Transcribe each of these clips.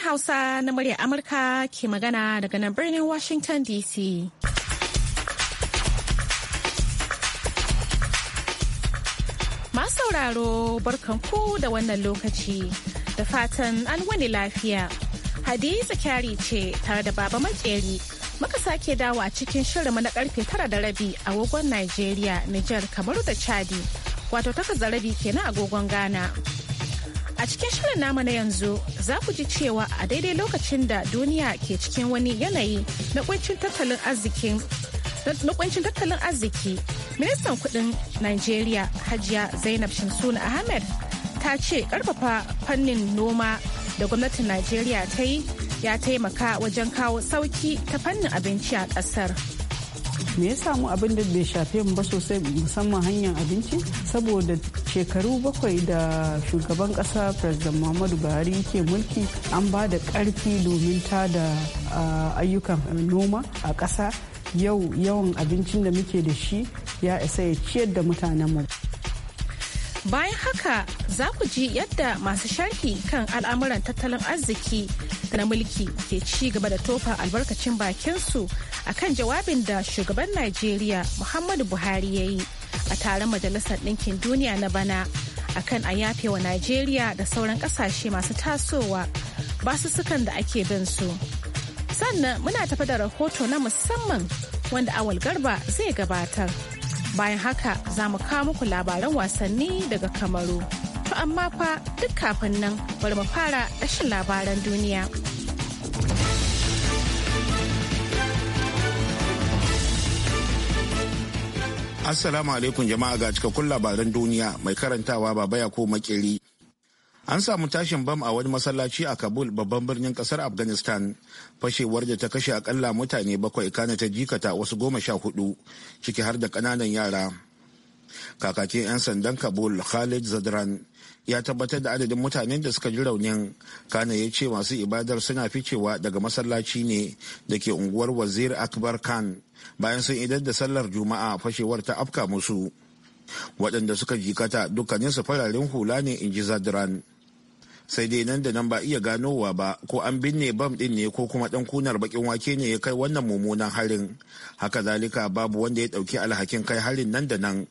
Sashen Hausa na murya Amurka ke magana daga nan birnin Washington DC. masauraro sauraro barkanku da wannan lokaci da fatan an wani lafiya. Hadiza kyari ce tare da baba makeri muka sake dawo a cikin shirinmu na karfe tara da rabi a agogon Najeriya, Nijar, Kamaru da Chadi, wato takwas da rabi kenan agogon Ghana. A cikin shirin nama na yanzu za ku ji cewa a daidai lokacin da duniya ke cikin wani yanayi na kuncin tattalin arziki, ministan kudin Najeriya Hajiya Zainab Shamsuna Ahmed ta ce karfafa fannin noma da gwamnatin Najeriya ta yi ya taimaka wajen kawo sauki ta fannin abinci a ƙasar. me ya samu abin da bai shafe mu ba sosai musamman hanyar abinci saboda shekaru bakwai da shugaban kasa president muhammadu buhari ke mulki an ba da karfi domin ta da ayyukan noma a kasa yau yawan abincin da muke da shi ya isa ya ciyar da mutanen mu. bayan haka za ku ji yadda masu sharhi kan al'amuran tattalin arziki na mulki ke ci gaba da tofa albarkacin bakinsu akan jawabin da shugaban najeriya muhammadu buhari ya yi a taron Majalisar Ɗinkin Duniya na bana akan a yafe wa Najeriya da sauran ƙasashe masu tasowa basussukan da ake bin su. Sannan muna tafi da rahoto na musamman wanda Awal Garba zai gabatar. Bayan haka za mu kawo muku labaran wasanni daga Kamaru. To amma fa duk kafin nan bari mu fara rashin labaran duniya. Assalamu alaikum jama'a ga cikakkun labaran duniya mai karantawa baba ya ko makeri. An samu tashin bam a wani masallaci a Kabul babban birnin kasar Afghanistan fashewar da ta kashe akalla mutane bakwai kana ta jikata wasu goma sha hudu ciki har da kananan yara. Kakakin 'yan sandan Kabul Khalid Zadran ya tabbatar da adadin mutanen da suka ji raunin kana ya ce masu ibadar suna ficewa daga masallaci ne da ke unguwar Wazir Akbar Khan bayan sun idar da sallar juma'a fashewar ta afka musu waɗanda suka jikata dukkaninsu fararen hula ne in ji zadran sai dai nan da nan ba iya ganowa ba ko an binne bam ɗin ne ko kuma ɗan kunar bakin wake ne ya kai wannan mummunan harin haka zalika babu wanda ya ɗauki alhakin kai harin nan da nan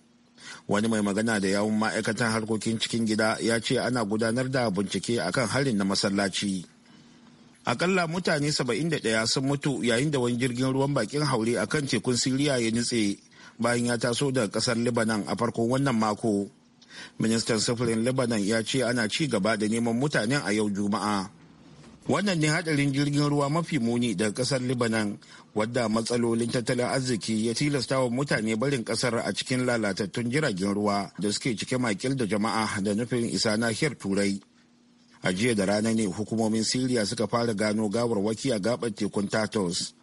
wani mai magana da yawun ma'aikatan harkokin cikin gida ya ce ana gudanar da bincike akan harin na masallaci. akalla mutane 71 sun mutu yayin da wani jirgin ruwan bakin haure a kan tekun siriya ya nutse bayan ya taso daga kasar lebanon a farkon wannan mako ministan sufurin lebanon ya ce ana ci gaba da neman mutanen a yau juma'a wannan ne hadarin jirgin ruwa mafi muni daga kasar lebanon wadda matsalolin tattalin arziki ya tilasta wa mutane barin kasar a cikin lalatattun jiragen ruwa da suke cike makil da jama'a da nufin isa nahiyar turai a jiya da rana ne hukumomin siriya suka fara gano gawar waki a gabar tekun tatos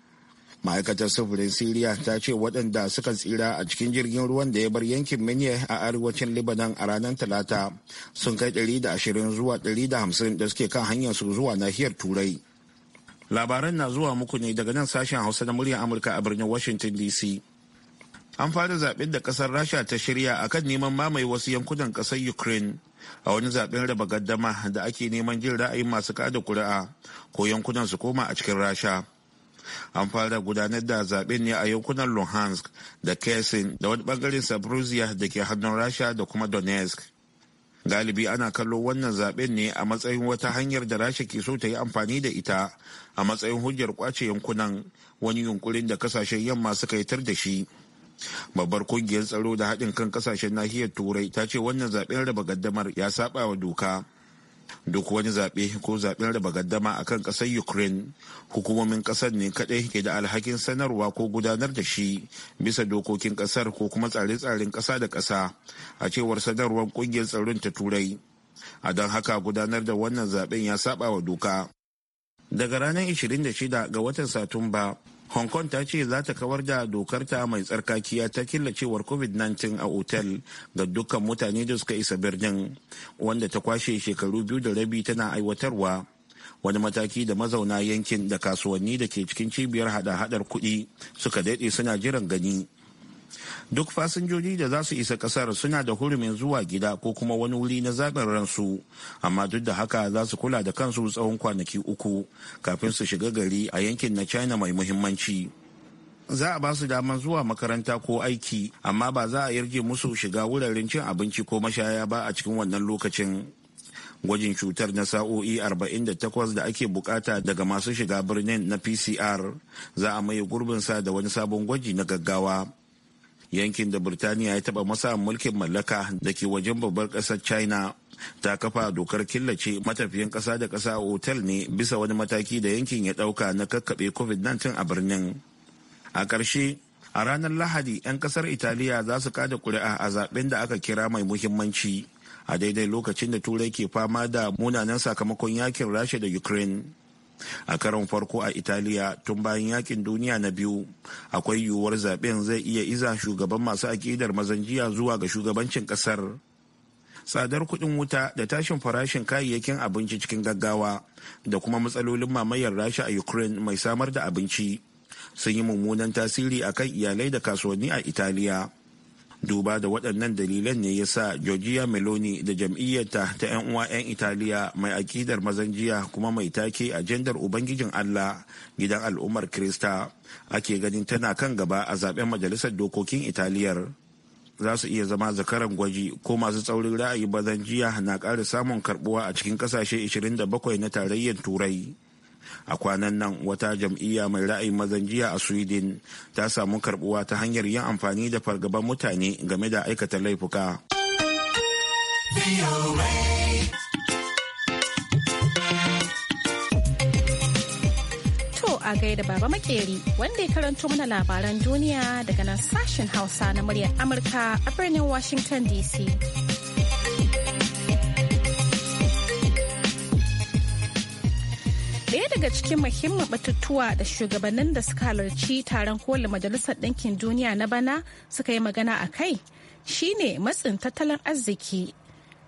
ma'aikatar sufurin siriya ta ce waɗanda suka tsira a cikin jirgin ruwan da ya bar yankin minye a arewacin libanan a ranar talata sun kai 120 zuwa 150 da suke kan hanyar su zuwa nahiyar turai labaran na zuwa muku ne daga nan sashen hausa na muryar amurka a birnin washington dc an fara zaɓen da ƙasar rasha ta shirya akan neman mamaye wasu yankunan ƙasar ukraine a wani zaben raba gaddama da ake neman jin ra'ayin masu kada kuri'a ko yankunan su koma a cikin rasha an fara gudanar da zaben ne a yankunan luhansk da kesin da wani bangaren sabrusia da ke hannun rasha da kuma donetsk galibi ana kallo wannan zaben ne a matsayin wata hanyar da rasha ke so ta yi amfani da ita a matsayin hujjar kwace yankunan wani yunkurin da kasashen yamma suka yi tar da shi babbar kungiyar tsaro da haɗin kan kasashen nahiyar turai ta ce wannan zaɓen raba gaddamar ya saba wa doka duk wani zaɓe ko zaɓen raba gaddama a kan ƙasar ukraine hukumomin ƙasar ne kaɗai ke da alhakin sanarwa ko gudanar da shi bisa dokokin ƙasar ko kuma tsare-tsaren ƙasa da ƙasa a cewar sanarwar ƙungiyar tsaron ta turai a don haka gudanar da wannan zaɓen ya saɓawa wa doka daga ranar 26 ga watan satumba hong kong ta ce za ta kawar da dokarta mai tsarkakiya ta killacewar covid-19 a otel ga dukkan mutane da suka isa birnin wanda ta kwashe shekaru biyu da rabi tana aiwatarwa wani mataki da mazauna yankin da kasuwanni da ke cikin cibiyar hada-hadar kuɗi suka daɗe suna jiran gani duk fasinjoji da za su isa kasar suna da hurumin zuwa gida ko kuma wani wuri na zaɓin ransu amma duk da haka za su kula da kansu tsawon kwanaki uku kafin su shiga gari a yankin na china mai muhimmanci za a ba su daman zuwa makaranta ko aiki amma ba za a yarje musu shiga wuraren cin abinci ko mashaya ba a cikin wannan lokacin gwajin cutar na sa'o'i 48 da ake bukata daga masu shiga birnin na pcr za a maye gurbinsa da wani sabon gwaji na gaggawa yankin da burtaniya ya taba masa mulkin mallaka da ke wajen babbar kasar china ta kafa dokar killace matafiyan kasa da kasa a otal ne bisa wani mataki da yankin ya dauka na kakkaɓe covid-19 a birnin a ƙarshe a ranar lahadi 'yan ƙasar italiya za su kada kuri'a a zaben da aka kira mai muhimmanci a daidai lokacin da turai ke fama da munanan sakamakon yakin rasha da ukraine a karon farko a italiya tun bayan yakin duniya na biyu akwai yiwuwar zaben zai iya iza shugaban masu akidar mazanjiya zuwa ga shugabancin kasar tsadar kuɗin wuta da tashin farashin kayayyakin abinci cikin gaggawa da kuma matsalolin mamayar rasha a ukraine mai samar da abinci sun yi mummunan tasiri akan iyalai da kasuwanni a italiya duba da waɗannan dalilan ne ya sa georgia meloni da jam'iyyarta ta 'yan uwa 'yan italiya mai akidar mazan jiya kuma mai take ajandar ubangijin allah gidan al'ummar krista ake ganin tana kan gaba a zaben majalisar dokokin italiyar za su iya zama zakaran gwaji ko masu tsaurin ra'ayi mazan jiya na ƙara samun karbuwa a cikin ƙasashe 27 na tarayyar turai a kwanan nan wata jam'iyya mai ra'ayin mazan jiya a sweden ta samu karbuwa ta hanyar yin amfani da fargaban mutane game da aikata laifuka a gaida baba makeri wanda ya karanto mana labaran duniya daga nan sashen hausa na muryar amurka a birnin washington dc Daya daga cikin muhimman batutuwa da shugabannin da suka halarci taron koli Majalisar Ɗinkin Duniya na bana suka yi magana a kai shine matsin tattalin arziki.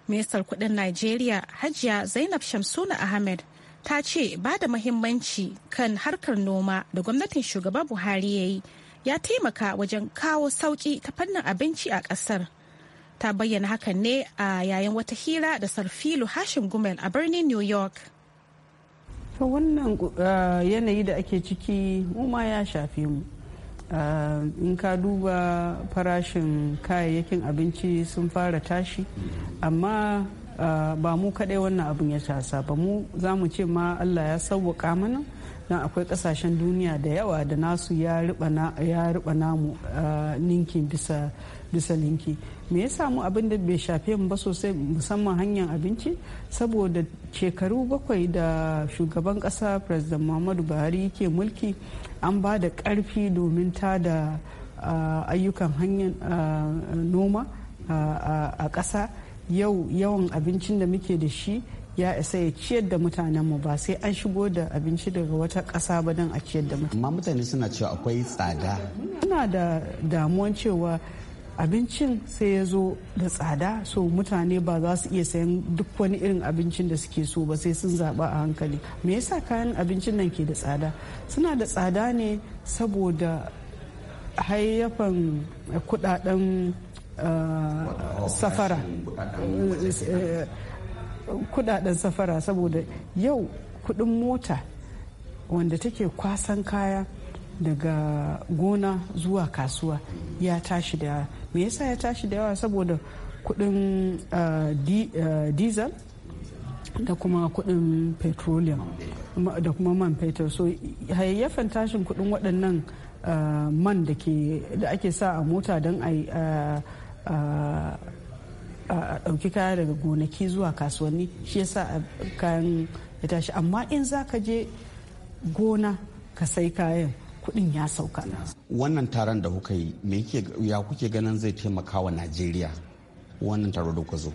Ministar kudin Najeriya Hajiya Zainab Shamsuna Ahmed ta ce ba da mahimmanci kan harkar noma da gwamnatin shugaba Buhari ya yi ya taimaka wajen kawo sauƙi ta fannin abinci a ƙasar. Ta bayyana hakan ne a yayin wata hira da Sarfilu Hashim Gumel a birnin New York. to wannan ah, yanayi da ake ciki mu ma ya shafe mu ah, in ka duba farashin kayayyakin abinci sun fara tashi amma ah, ba mu kaɗai wannan abin ya tasa ba mu za mu ce ma allah ya sauwaka mana don akwai ƙasashen duniya da yawa da nasu ya riba namu ninkin bisa ninki me ya samu abin da bai shafe mu ba sosai musamman hanyar abinci saboda shekaru bakwai da shugaban kasa president muhammadu buhari yake mulki an ba da karfi domin ta da ayyukan hanyar noma a ƙasa yau yawan abincin da muke da shi ya isa ya ciyar da mu ba sai an shigo da abinci daga wata ƙasa ba don a ciyar da mutane. Amma mutane suna cewa akwai tsada. Muna da damuwan cewa abincin sai ya zo da tsada so mutane ba za su iya sayan duk wani irin abincin da suke so ba sai sun zaɓa a hankali me yasa kayan abincin nan ke da tsada suna da tsada ne saboda hayyafan kudaden eh, safara kudaden eh, safara saboda yau kudin mota wanda take kwasan kaya daga gona zuwa kasuwa ya tashi da me yasa ya tashi da yawa saboda kudin uh, uh, diesel da kuma kudin petroleum da kuma man fetur so hayayyafan tashin kudin waɗannan uh, man da ake sa a mota don a ɗauki kaya daga gonaki zuwa kasuwanni shi yasa kayan ya tashi amma in za ka je gona ka sai kayan kuɗin ya sauka. Wannan taron da kuka yi ya kuke ganin zai taimaka wa Najeriya wannan taro da kuka zo?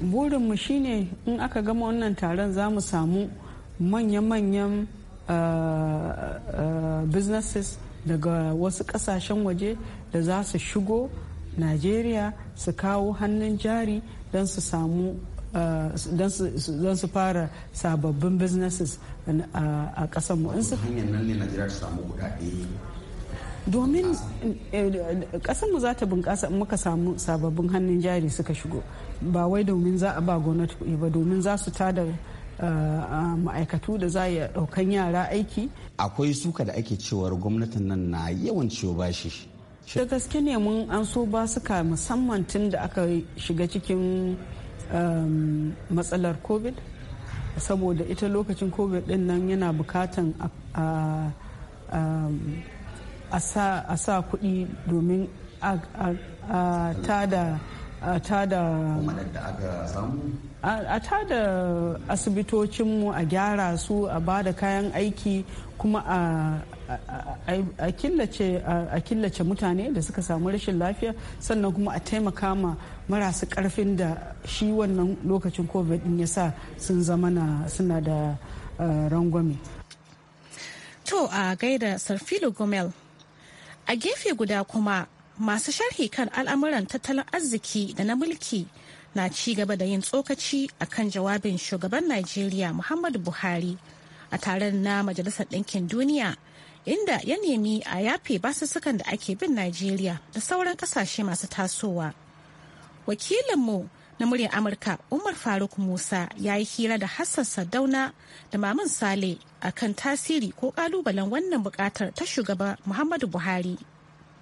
Burinmu shine in aka gama wannan taron za mu samu manya-manyan eh, eh, businesses daga wasu kasashen waje da za su shigo Najeriya su kawo hannun jari don su samu don su fara sababbin businesses a ƙasar mu. hanyar nan ne najeriya ta samu guda domin eh, eh, ƙasar mu za ta bunƙasa in muka samu sababbin hannun jari suka shigo ba wai domin za a ba gwamnati kuɗi ba domin za su tada eh, ma'aikatu da za a ɗaukan yara aiki akwai suka da ake cewar gwamnatin nan na yawan ciwo bashi da gaske ne mun an so ba suka musamman tun da aka shiga cikin Um, matsalar covid saboda ita lokacin covid din nan yana bukatan a um, sa kuɗi domin a tada a tada asibitocinmu a gyara su a ba da kayan aiki kuma a a killace mutane da suka samu rashin lafiya sannan kuma a taimaka ma marasu karfin da shi wannan lokacin covid din ya sa sun zama na suna da rangwame to a gaida sarfilo gomel a gefe guda kuma masu sharhi kan al'amuran tattalin arziki da na mulki na ci gaba da yin tsokaci a kan jawabin shugaban najeriya muhammadu buhari a taron na majalisar ɗinkin duniya inda ya nemi a yafe basussukan da ake bin Najeriya da sauran kasashe masu tasowa. Wakilinmu na muryar Amurka Umar Faruk Musa ya yi hira da Hassan Sadauna da maman Sale a kan tasiri ko kalubalen wannan bukatar ta shugaba Muhammadu Buhari.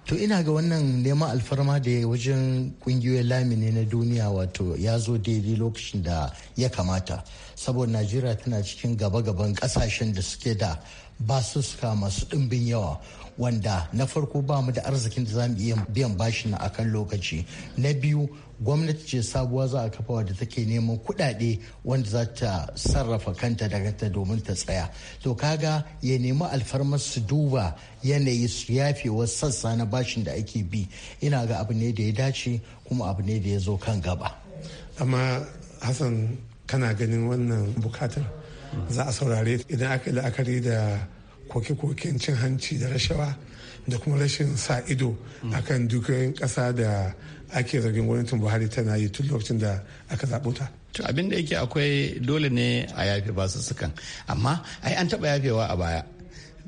To ina ga wannan neman alfarma da wajen kungiyoyin lamini na duniya wato ya zo daidai lokacin da ya kamata. Saboda Najeriya tana cikin gaba-gaban kasashen da suke da ba suka masu ɗimbin yawa wanda na farko ba mu da arzikin da za mu iya biyan bashin a kan lokaci na biyu gwamnati ce sabuwa za a kafa wadda take neman kuɗaɗe wanda za ta sarrafa kanta daga ta domin ta tsaya to kaga ya nemi alfarmar su duba yanayi su yafe wasu sassa na bashin da ake bi ina ga abu ne da ya dace kuma abu ne da ya zo kan gaba amma hassan kana ganin wannan bukatar za a saurare idan aka yi la'akari da koke-koken cin hanci da rashawa da kuma rashin sa ido akan dukiyoyin kasa da ake zargin gwamnatin buhari tana yi tun lokacin da aka zaɓo ta to abin da yake akwai dole ne a yafe basussukan amma ai an taɓa yafewa a baya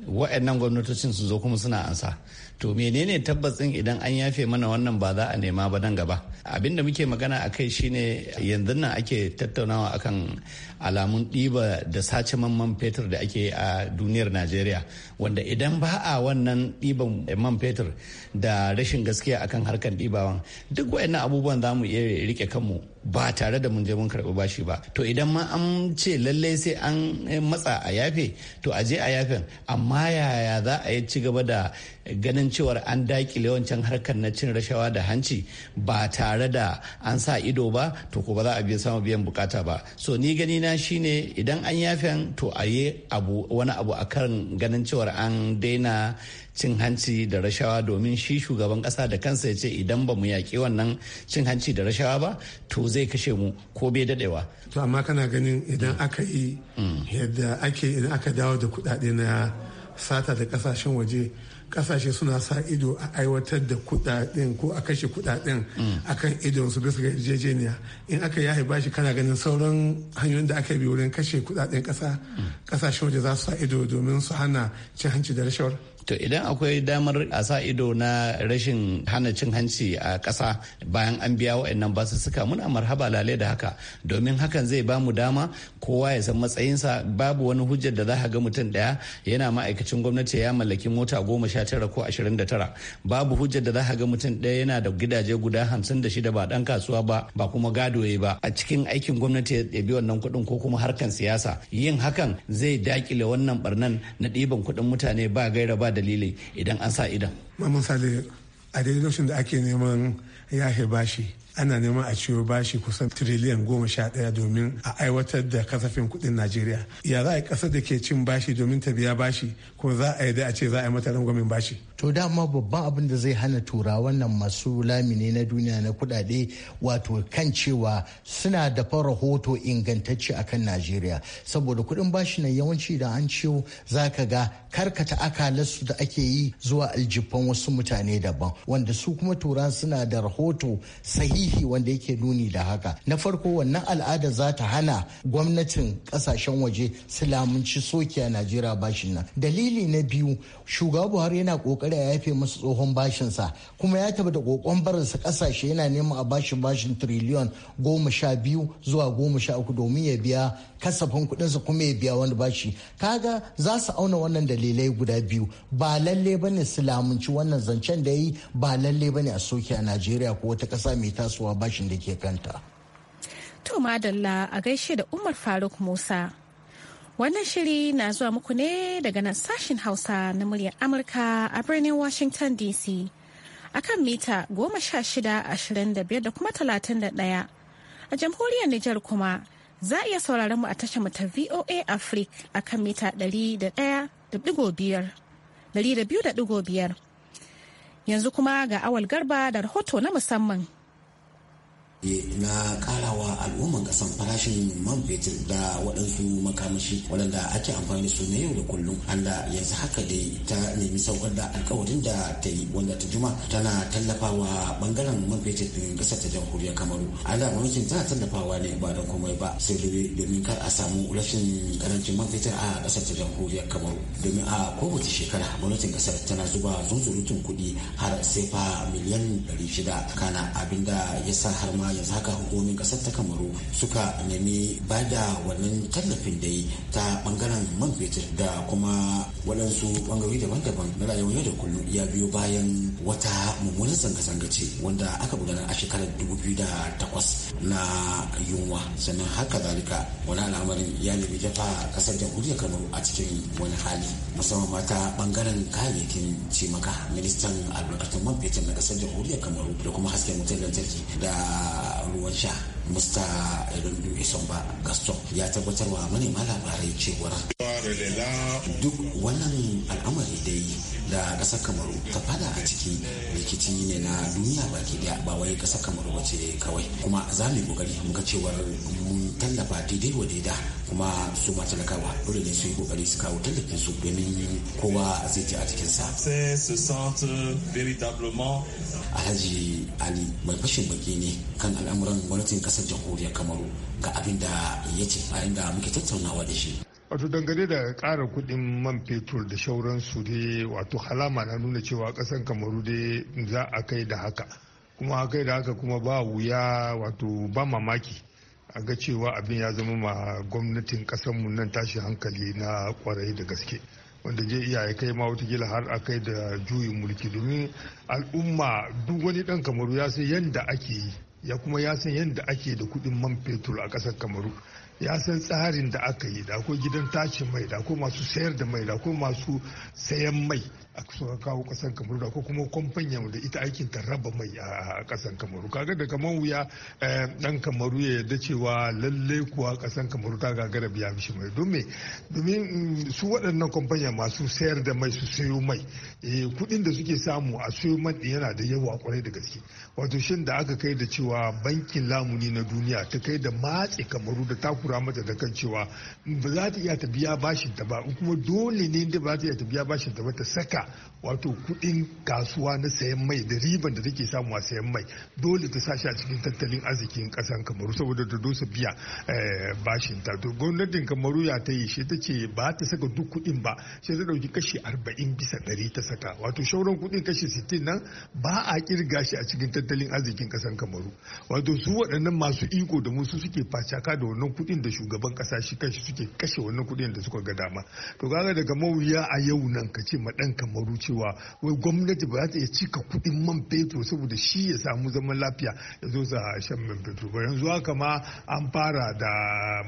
wa'annan gwamnatocin su zo kuma suna ansa to menene tabbacin idan an yafe mana wannan ba za a nema ba nan gaba abin da muke magana a kai shine yanzu nan ake tattaunawa akan alamun ɗiba da sace man fetur da ake a duniyar najeriya wanda idan ba a wannan ɗiban man fetur da rashin gaskiya akan harkar ɗibawan duk wayannan abubuwan za mu iya rike kanmu ba tare da mun je mun karɓi bashi ba to idan ma an ce lallai sai an matsa a yafe to a je a yafen amma yaya za a yi ci gaba da ganin cewar an dakile wancan harkar na cin rashawa da hanci ba ta tare da an sa ido ba to ko ba za a biya samu biyan bukata ba so ni gani na shine idan an yafe to a yi abu wani abu akan ganin cewar an daina cin hanci da rashawa domin shi shugaban kasa da kansa ya ce idan ba mu yaƙi wannan cin hanci da rashawa ba to zai kashe mu ko bai dadewa. to amma kana ganin idan aka yi mm. yadda ake idan aka dawo da kuɗaɗe na sata da kasashen waje kasashe suna sa ido a aiwatar da kudaden ko a kashe kudaden akan idon su bisa ga yarjejeniya in aka yahe bashi kana ganin sauran hanyoyin da aka bi wurin kashe kudaden kasa kasashe waje za su sa ido domin su hana cin hanci da rashawar to idan akwai damar a sa ido na rashin hana cin hanci a ƙasa bayan an biya wa'annan suka muna marhaba lale da haka domin hakan zai ba mu dama kowa ya san matsayinsa babu wani hujjar da za a ga mutum ɗaya yana ma'aikacin gwamnati ya mallaki mota goma sha tara ko ashirin da tara babu hujjar da za a ga mutum ɗaya yana da gidaje guda hamsin da shida ba dan kasuwa ba ba kuma gado ya ba a cikin aikin gwamnati ya bi wannan kuɗin ko kuma harkan siyasa yin hakan zai daƙile wannan barnan na ɗiban kuɗin mutane ba gaira ba dalilai idan an sa idan. Maman Sale a daidai lokacin da ake neman yahe bashi ana neman a ciwo bashi kusan tiriliyan goma sha ɗaya domin a aiwatar da kasafin kuɗin najeriya ya za a yi ƙasar da ke cin bashi domin ta biya bashi ko za a yi da a ce za a yi mata rangwamen bashi to dama babban abin da zai hana tura wannan masu lamine na duniya na kudade wato kan cewa suna da rahoto ingantacce akan najeriya saboda kudin bashi nan yawanci da an ciwo za ka ga karkata akalarsu da ake yi zuwa aljifan wasu mutane daban wanda su kuma tura suna da rahoto sahihi wanda yake nuni da haka na farko wannan al'ada za ta hana gwamnatin kasashen waje su lamunci sokiya a najeriya bashin nan dalili na biyu shugaba buhari yana kokari a yafe musu tsohon bashinsa kuma ya taba da kokon barinsa kasashe yana neman a bashin bashin triliyon goma sha biyu zuwa goma sha uku domin ya biya kasafin kuɗinsa kuma ya biya wani bashi kaga za su auna wannan dalilai guda biyu ba lalle bane su lamunci wannan zancen da yi ba lalle bane a soke a najeriya ko wata ƙasa mai tasowa bashin da ke kanta. To madalla a gaishe da Umar Faruk Musa. Wannan shiri na zuwa muku ne daga nan sashen Hausa na muryar Amurka a birnin Washington DC. Akan mita goma sha shida ashirin da biyar da kuma talatin da ɗaya. A jamhuriyar Nijar kuma za a iya sauraron mu a tashar mu ta VOA Africa akan mita ɗari da biyu da ɗigo biyar. Yanzu kuma ga awal garba da rahoto na musamman E, na wa al'umman kasan farashin man fetur da waɗansu makamashi waɗanda ake amfani da su na yau da kullum anda yanzu haka dai ta nemi saukar da alkawarin da ta yi wanda ta juma tana tallafawa bangaren man fetur ɗin ƙasar ta jamhuriyar kamaru da gwamnatin tana tallafawa ne ba da komai ba sai dai domin kar a samu rashin karancin man fetur a ƙasar ta jamhuriyar kamaru domin a kowace shekara gwamnatin ƙasar tana zuba zunzurutun kuɗi har sai fa miliyan ɗari shida kana abinda ya sa har ma kuma zaka haka hukumomin kasar ta kamaru suka nemi ba da wannan tallafin da yi ta bangaren man fetur da kuma waɗansu bangarori daban-daban na rayuwar yau da kullum ya biyo bayan wata mummunan zanga-zanga ce wanda aka gudanar a shekarar 2008 na yunwa sannan haka zalika wani al'amarin ya nemi dafa kasar jamhuriyar kamaru a cikin wani hali musamman mata bangaren kayayyakin cimaka ministan albarkatun man fetur na kasar jamhuriyar kamaru da kuma hasken wutar lantarki da ruwan sha mista irin dubi son ba gaston ya tabbatar wa manema labarai cewar duk wannan al'amari dai da ƙasar kamaru ta fada a ciki rikici ne na duniya baki daya ba wai ƙasar kamaru ba ce kawai kuma za mu yi ƙoƙari mu ga cewar mun tallafa daidai wa daida kuma su ma talakawa dole ne su yi ƙoƙari su kawo tallafin su domin kowa zai ci a cikin sa. Alhaji Ali mai fashin baki ne kan al'amuran gwamnatin ƙasar jamhuriyar Kamaru ga abin da ya ce a inda muke tattaunawa da shi. wato dangane da ƙara kuɗin man fetur da shauransu dai wato halama na nuna cewa ƙasan kamaru dai za a kai da haka kuma a kai da haka kuma ba wuya wato ba mamaki a ga cewa abin ya zama ma gwamnatin ƙasanmu nan tashi hankali na kwarai da gaske wanda zai iya ya kai ma wata gila har a kai da juyin mulki domin al'umma duk wani ɗan kamaru ya san yadda ake yi ya kuma ya san yadda ake da kuɗin man fetur a ƙasar kamaru ya san tsarin da aka yi da ko gidan tashin mai da ko masu sayar da mai da ko masu sayan mai a suka kawo kasan kamaru da ko kuma kwamfanyar da ita aikin ta raba mai a kasan kamaru kaga da kamar wuya dan eh, kamaru ya yarda cewa lalle kuwa kasan kamaru ta gagara biya mishi mai domin domin mm, su waɗannan kwamfanyar masu sayar da mai su sayo mai eh, kuɗin da suke samu a sayo man yana da yawa kwarai da gaske wato shin da aka kai da cewa bankin lamuni na duniya ta kai da matse kamaru da taku takura mata da kan cewa ba za ta iya ta biya bashin ta ba kuma dole ne da ba za ta iya ta biya bashin ta ba ta saka wato kuɗin kasuwa na sayan mai da riban da take samu a sayan mai dole ta sashi a cikin tattalin arzikin kasan kamaru saboda ta dosa biya eh, bashin ta to gwamnatin kamaru ya ta yi shi ta ce ba ta saka duk kuɗin ba sai ta dauki kashi arba'in bisa ɗari ta saka wato shauran kuɗin kashi sittin nan ba a kirga shi a cikin tattalin arzikin kasan kamaru wato su waɗannan masu iko da musu suke facaka da wannan kuɗin kudin da shugaban kasa shi kanshi suke kashe wannan kuɗin da suka ga dama to kaga daga mawuya a yau nan ka ce ma ɗan kamaru cewa wai gwamnati ba za ta iya cika kuɗin man fetur saboda shi ya samu zaman lafiya ya zo sa shan man fetur ba yanzu haka ma an fara da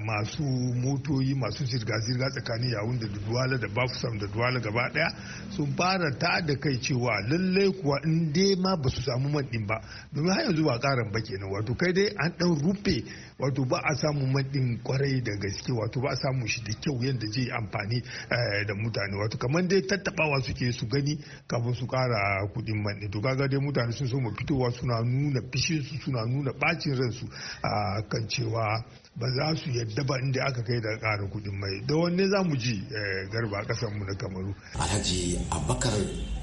masu motoyi masu zirga-zirga tsakanin yawun da duwala da bafusam da duwala gaba ɗaya sun fara ta da kai cewa lallai kuwa in dai ma ba su samu man ɗin ba domin har yanzu ba ƙaran ba kenan wato kai dai an ɗan rufe wato ba a samu maɗin kwarai da gaske wato ba a samu shi da kyau yadda zai amfani eh, da mutane wato kamar dai tattabawa suke su gani kafin su kara kuɗin maɗi to kaga dai mutane sun so mu fitowa suna nuna fishin su suna nuna bacin ransu a kan cewa ba za su yadda ba inda aka kai da ƙara kuɗin mai da wanne za mu ji eh, garba ƙasar mu na kamaru alhaji abubakar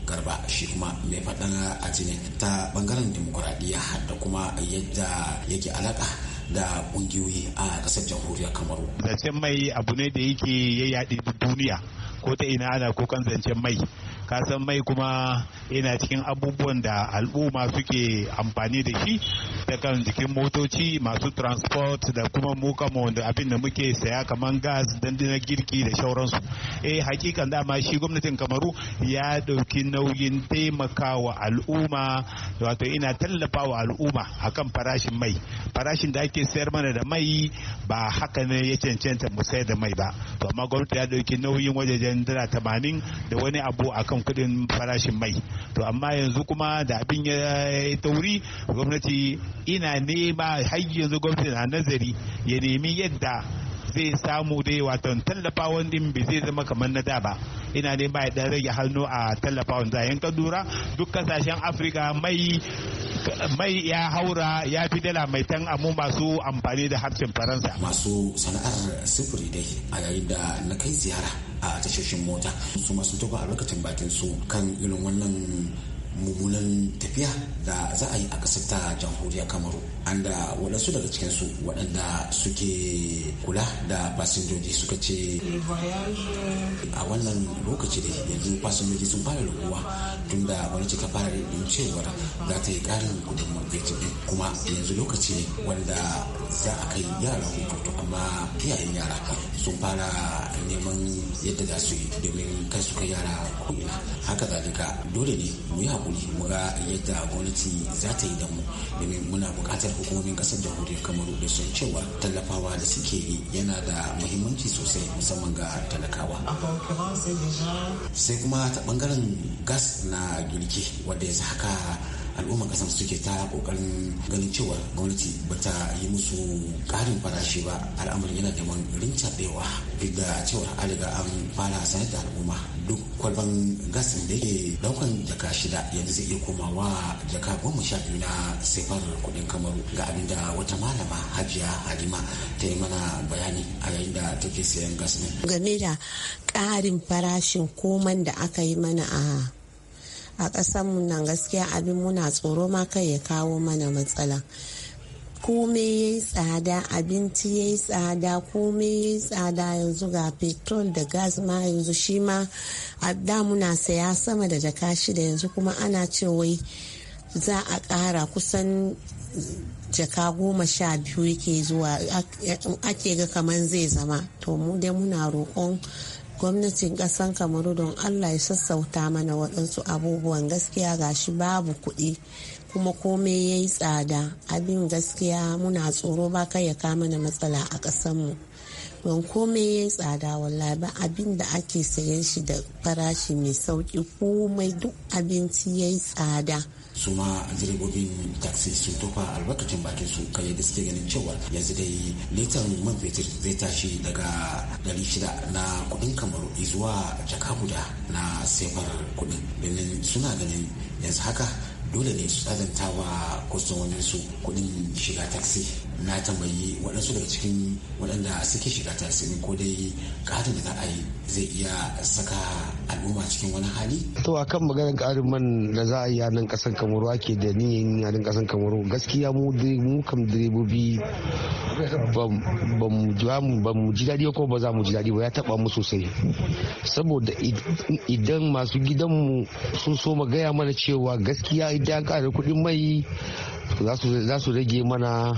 garba shi kuma mai faɗan a ta bangaren dimokuraɗiyya da kuma yadda yake alaƙa da kungiyoyi a kasar jamhuriyar kamaru zancen mai abu ne da yake ya yaɗi duniya ko ta ina ana kukan zancen mai ka san mai kuma yana cikin abubuwan da al'umma suke amfani da shi ta kan jikin motoci masu transport da kuma mu kama wanda abin da muke saya kamar gas dandanar girki da shauransu eh hakikan dama shi gwamnatin kamaru ya dauki nauyin taimakawa al'umma wato ina tallafawa al'umma akan farashin mai farashin da ake sayar mana da mai ba haka ne ya cancanta mu sayar da mai ba to amma gwamnati ya dauki nauyin wajajen dala 80 da wani abu akan akan kudin farashin mai to amma yanzu kuma da abin ya tauri gwamnati ina nema har yanzu gwamnati na nazari ya nemi yadda zai samu dai wato tallafa din bai zai zama kamar na da ba ina ne ba dan rage hannu a tallafawan wanda yan kadura duk kasashen afirka mai mai ya haura ya fi dala mai tan amu masu amfani da harshen faransa masu sana'ar sufuri dai a yayin da na kai ziyara a tashoshin mota su masu tuba a lokacin bakin su kan irin wannan mumunan tafiya da za a yi a ƙasar ta jamhuriya kamaru an da waɗansu daga cikinsu waɗanda suke kula da fasinjoji suka ce a wannan lokaci da yanzu fasinjoji sun fara raguwa tun da wani cika fara yin cewar za ta yi ƙarin kudin mafi kuma yanzu lokaci ne wanda za a kai yara hutu amma iyayen yara sun fara neman yadda za su yi domin kai suka yara ko'ina haka zalika dole ne mu yi hakuri mu ga yadda gwamnati za ta yi da mu domin muna buƙatar hukumomin ƙasar da hudu kamaru da sun cewa tallafawa da suke yi yana da muhimmanci sosai musamman ga talakawa sai kuma ta bangaren gas na girki wadda ya haka al'ummar kasar suke ta kokarin ganin cewa gwamnati bata yi musu karin farashi ba al'amarin yana da rinca tsayawa duk da cewa riga an fara sanar da al'umma duk kwalban gas da yake daukan jaka shida yanzu zai iya komawa jaka goma sha biyu na sefar kudin kamaru ga abin da wata malama hajiya halima ta yi mana bayani a yayin da take sayan gas game da ƙarin farashin koman da aka yi mana a a ƙasar nan gaskiya abin muna tsoro ma kai ya kawo mana matsala kome ya yi tsada abinci ya yi tsada kome ya yi tsada yanzu ga petrol da gas ma yanzu shi ma da muna saya sama da jaka shida yanzu kuma ana ce wai za a ƙara kusan jaka goma sha biyu yake zuwa ake ga kamar zai zama to mu dai muna roƙon gwamnatin ƙasan kamaru don allah ya sassauta mana waɗansu abubuwan gaskiya gashi babu kuɗi kuma kome ya yi tsada abin gaskiya muna tsoro ba kai ya kama da matsala a ƙasanmu don kome ya yi tsada wallahi ba abin da ake sayan shi da farashi mai sauki komai duk abinci ya yi tsada su ma direbobin taxi su tofa albarkacin bakin su kai da suke ganin cewa yanzu dai litan man fetur zai tashi daga dari shida na kudin kamaru zuwa jaka guda na sefar kudin domin suna ganin yanzu haka dole ne su azanta wa kwastomomin su kuɗin shiga taxi na tambayi waɗansu daga cikin waɗanda suke shiga tasirin ko dai ƙarin da za a yi zai iya saka al'umma cikin wani hali. to a kan maganar ƙarin man da za a yi a nan ƙasar kamaru ake da niyan a nan ƙasar kamaru gaskiya mu mu kam direbobi ba mu ji daɗi ko ba za mu ji daɗi ba ya taɓa mu sosai saboda idan masu gidanmu sun so mu gaya mana cewa gaskiya idan ƙarin kuɗin mai za su rage mana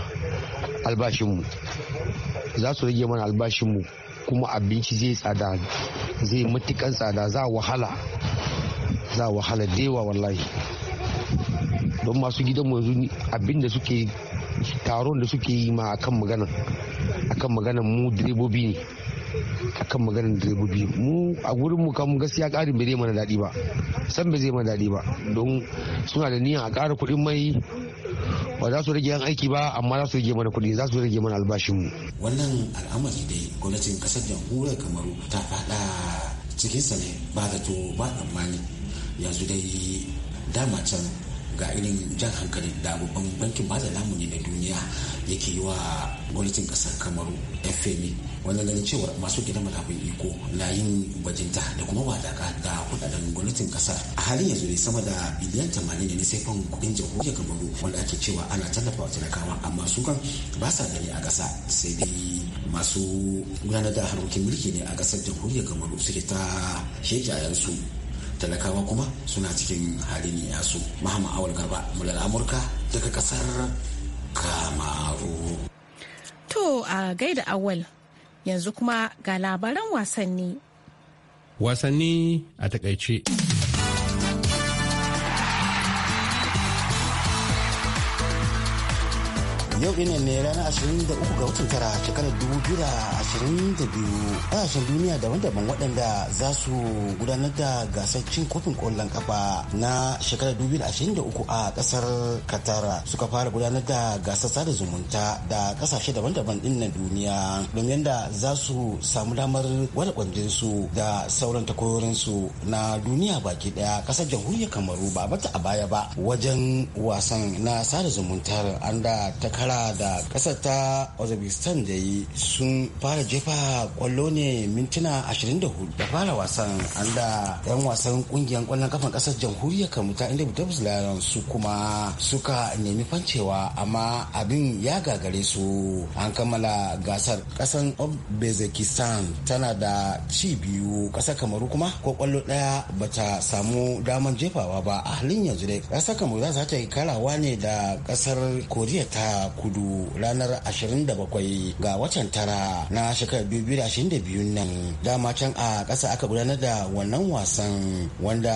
albashinmu za su rage mana albashinmu kuma abinci zai tsada zai matukan tsada za wahala za wahala da wallahi don masu gidanmu yanzu abinda suke taron da suke yi ma akan magana akan magana mu direbobi ne akan maganar direbobi mu a gurin mu kan gaskiya karin bai mana daɗi ba san bai zai mana daɗi ba don suna da niyan a ƙara kuɗin mai ba za su rage yan aiki ba amma za su rage mana kuɗi za su rage mana mu. wannan al'amari dai gwamnatin kasar jamhuriyar kamaru ta faɗa cikinsa ne ba zato ba tsammani yanzu dai dama can ga irin jan hankali da babban bankin bada lamuni na duniya yake yi wa gwamnatin kasar kamaru fmi e. wanda ganin cewa masu gidan malafin iko na yin bajinta da kuma wadaka da kudaden gwamnatin kasar a halin yanzu ne sama da biliyan tamanin ne sai fan kudin jamhuriyar kamaru wanda ake cewa ana tallafa wa talakawa amma su kan ba sa gani a kasa sai dai masu gudanar da harkokin mulki ne a kasar jamhuriyar kamaru suke ta su talakawa kuma suna cikin halin yasu mahama awal garba mular amurka daga kasar kamaru to a gaida awal yanzu kuma ga labaran wasanni wasanni a takaice yau ɗin ne ranar 23 ga watan tara shekarar 2022 kasashen duniya daban-daban waɗanda za su gudanar da gasar cin kofin ƙwallon kafa na shekarar 2023 a ƙasar qatar suka fara gudanar da gasar sada zumunta da ƙasashe daban-daban ɗin na duniya domin da za su samu damar gwada kwanjinsu da sauran takwarorinsu na duniya baki ɗaya ƙasar jamhuriyar kamaru ba bata a baya ba wajen wasan na sada zumuntar an da ta shekara da kasar ta uzbekistan da yi sun fara jefa kwallo ne mintuna 24 da fara wasan an da yan wasan kungiyar kwallon kafan kasar jamhuriyar ta inda butabs lions su kuma suka nemi fancewa amma abin ya gagare su an kammala gasar kasan uzbekistan tana da ci biyu kasar kamaru kuma ko kwallo daya bata samu damar jefawa ba a halin yanzu dai kasar kamaru za ta yi karawa ne da kasar koriya ta kudu ranar 27 ga watan tara na shekarar 2022 nan dama can a ƙasa aka gudanar da wannan wasan wanda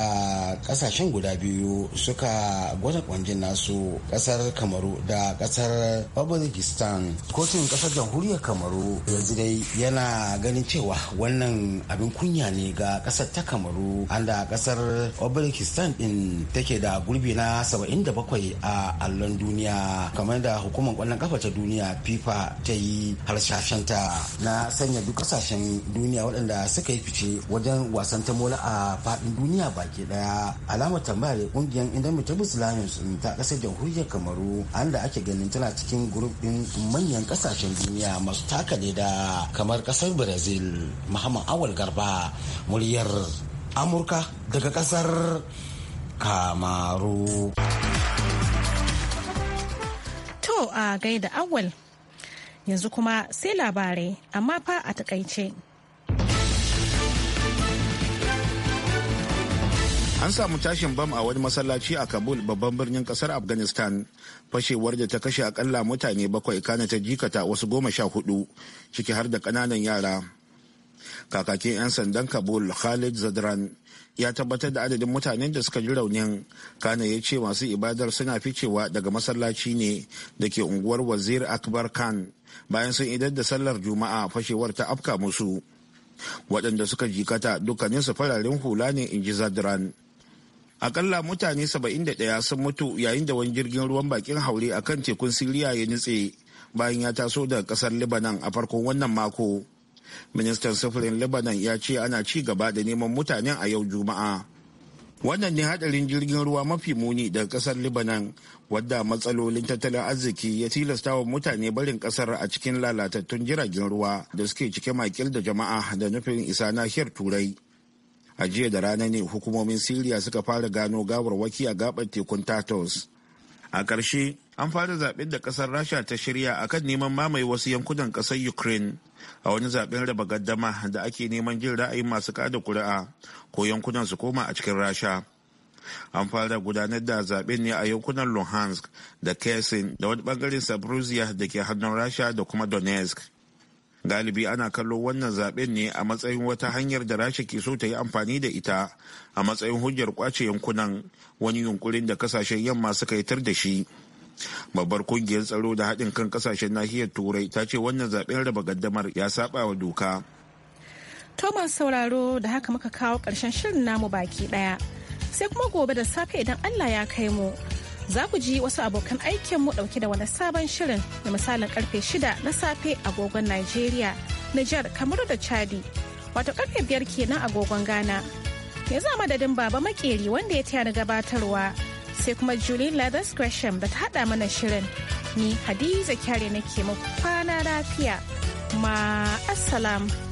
ƙasashen guda biyu suka gwada kwanjin nasu ƙasar kamaru da ƙasar babalikistan kotun ƙasar jamhuriyar kamaru yanzu dai yana ganin cewa wannan abin kunya ne ga ƙasar ta kamaru an da ƙasar babalikistan din take da gurbi na 77 a allon duniya kamar da hukumar hukumar kwallon kafa ta duniya fifa ta yi ta na sanya duk kasashen duniya waɗanda suka yi fice wajen wasan ta mola a faɗin duniya baki ɗaya alama tambaya da ƙungiyar indomitable lions ta ƙasar jamhuriyar kamaru an da ake ganin tana cikin grup ɗin manyan kasashen duniya masu taka da kamar ƙasar brazil muhammad awal garba muryar amurka daga ƙasar kamaru. a gaida awal yanzu kuma sai labarai amma fa a takaice. An samu tashin bam a wani masallaci a Kabul babban birnin kasar Afghanistan fashewar da ta kashe akalla mutane bakwai kana ta jikata wasu goma sha hudu ciki har da kananan yara. Kakakin 'yan sandan Kabul Khalid Zadran ya tabbatar da adadin mutanen da suka ji raunin kana ya ce masu ibadar suna ficewa daga masallaci ne da ke unguwar wazir akbar khan bayan sun idar da sallar juma'a fashewar ta afka musu waɗanda suka jikata dukkaninsu fararen hula ne in ji zadran akalla mutane 71 sun mutu yayin da wani jirgin ruwan bakin haure kan tekun siriya ya nutse bayan ya taso daga ƙasar libanan a farkon wannan mako ministan sufurin lebanon ya ce ana ci gaba da neman mutanen a yau juma'a wannan ne hadarin jirgin ruwa mafi muni daga kasar lebanon wadda matsalolin tattalin arziki ya tilasta wa mutane barin kasar a cikin lalatattun jiragen ruwa da suke cike makil da jama'a da nufin isa nahiyar turai a jiya da rana ne hukumomin siriya suka fara gano gawarwaki a gabar tekun tatos a ƙarshe an fara zaɓen da ƙasar rasha ta shirya a kan neman mamaye wasu yankunan ƙasar ukraine a wani zaɓen raba gaddama da ake neman jin ra'ayin masu kada kuri'a ko yankunan su koma a cikin rasha an fara gudanar da zaɓen ne a yankunan luhansk da kesin da wani ɓangaren sabruziya da ke hannun rasha da kuma donetsk galibi ana kallo wannan zaɓen ne a matsayin wata hanyar da rasha ke so ta yi amfani da ita a matsayin hujjar kwace yankunan wani yunkurin da kasashen yamma suka yi tar da shi babbar kungiyar tsaro da haɗin kan kasashen nahiyar turai ta ce wannan zaɓen raba gaddamar ya saba wa doka thomas sauraro da haka muka kawo ƙarshen shirin namu baki ɗaya sai kuma gobe da safe idan allah ya kai mu za ku ji wasu abokan aikinmu ɗauke da wani sabon shirin da misalin karfe 6 na safe agogon nigeria niger kamaru da chadi wato karfe 5 kenan agogon ghana yanzu a madadin baba makeri wanda ya taya gabatarwa sai kuma Julie Lathers Gresham da ta hada mana shirin. Ni Hadiza Kyare nake mu kwana lafiya. Ma